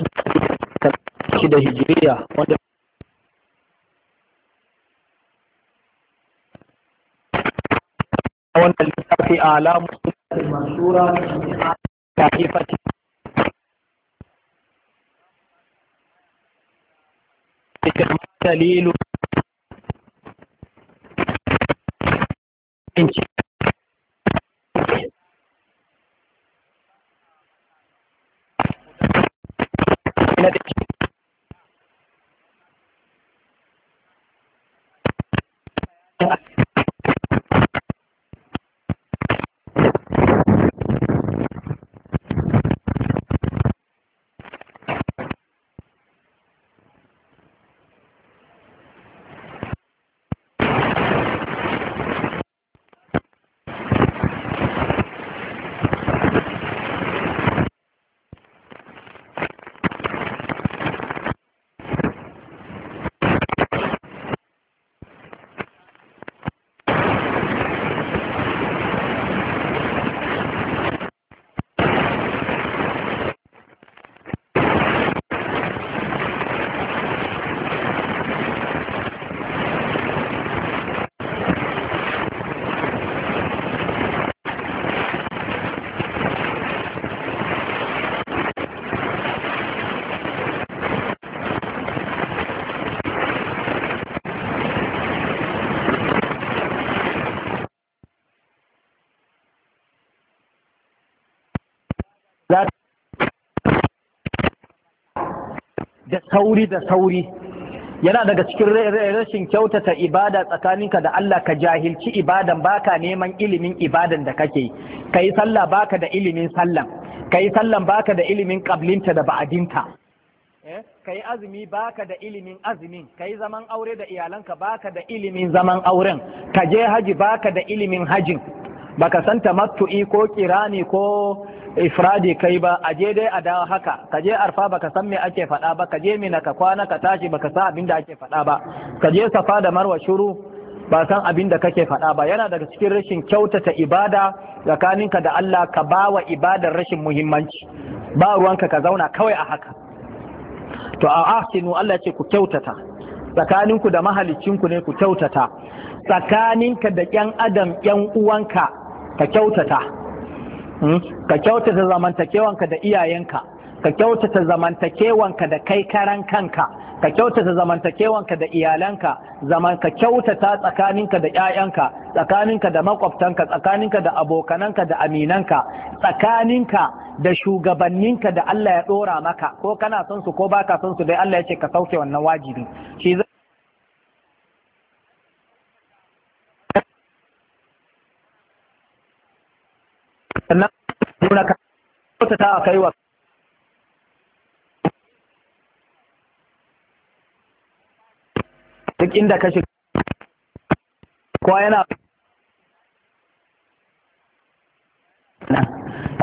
كده هجرية وانت في اعلى مستوى المنشورة كيف دليل નથી da sauri da sauri yana daga cikin rashin kyautata ibada tsakaninka da Allah ka jahilci ibadan baka neman ilimin ibadan da kake kai sallah baka da ilimin sallan kai sallan baka da ilimin kablinta da ba'adinta eh? yi azumi baka da ilimin azumin kai zaman aure da iyalanka baka da ilimin zaman auren ka je haji baka da ilimin hajin baka san matu'i ko kirani ko ifradi kai ba a je dai a dawo haka ka je arfa baka san me ake faɗa ba ka je mina ka kwana ka tashi baka san abin da ake faɗa ba ka je safa da marwa shuru ba san abin da kake faɗa ba yana daga cikin rashin kyautata ibada tsakaninka da Allah ka ba wa ibadar rashin muhimmanci ba ruwanka ka zauna kawai a haka to a ahsinu Allah ce ku kyautata tsakaninku da ku ne ku kyautata tsakaninka da ƴan adam ƴan uwanka ka kyautata Hmm? ka kyautata zamantakewanka da iyayenka ka kyautata zamantakewanka da kai karan kanka ka kyautata zamantakewanka da iyalanka zaman ka kyautata tsakaninka da ƴaƴanka tsakaninka da makwabtanka tsakaninka da abokananka da aminanka tsakaninka da shugabanninka da Allah ya ɗora maka ko kana son su ko baka son su dai Allah ya ce ka sauke wannan wajibi shi sannan nuna ka ta a kai wa duk inda ka shiga kwa yana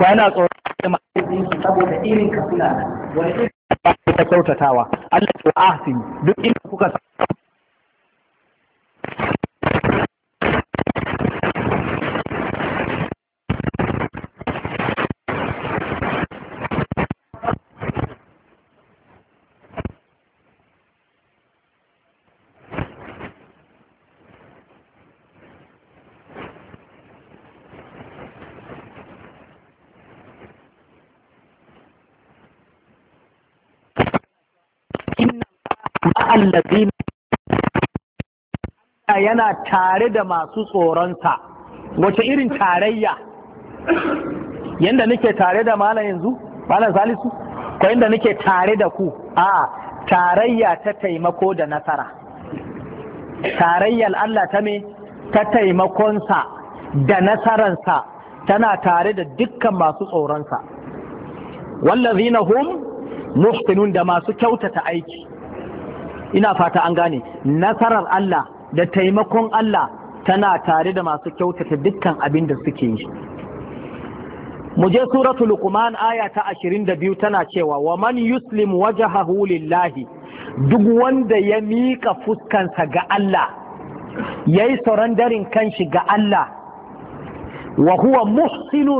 yana tsoron da saboda irin ka suna wani irin ba ta kyautatawa Allah ta ahsin duk inda kuka Allah yana tare da masu tsoronsa wace irin tarayya yanda nake tare da malam yanzu malam salisu ko yanda nake tare da ku a tarayya ta taimako da nasara tarayyar Allah ta me ta taimakonsa da nasaransa tana tare da dukkan masu tsoronsa wallazina hum muhsinun da masu kyautata aiki ina fata an gane nasarar Allah da taimakon Allah tana tare da masu kyautata dukkan abin da suke yi mu je suratu luqman aya ta 22 tana cewa wa man yuslim wajhahu lillahi duk wanda ya mika fuskansa ga Allah yayi surrendering kanshi ga Allah wa huwa muhsinun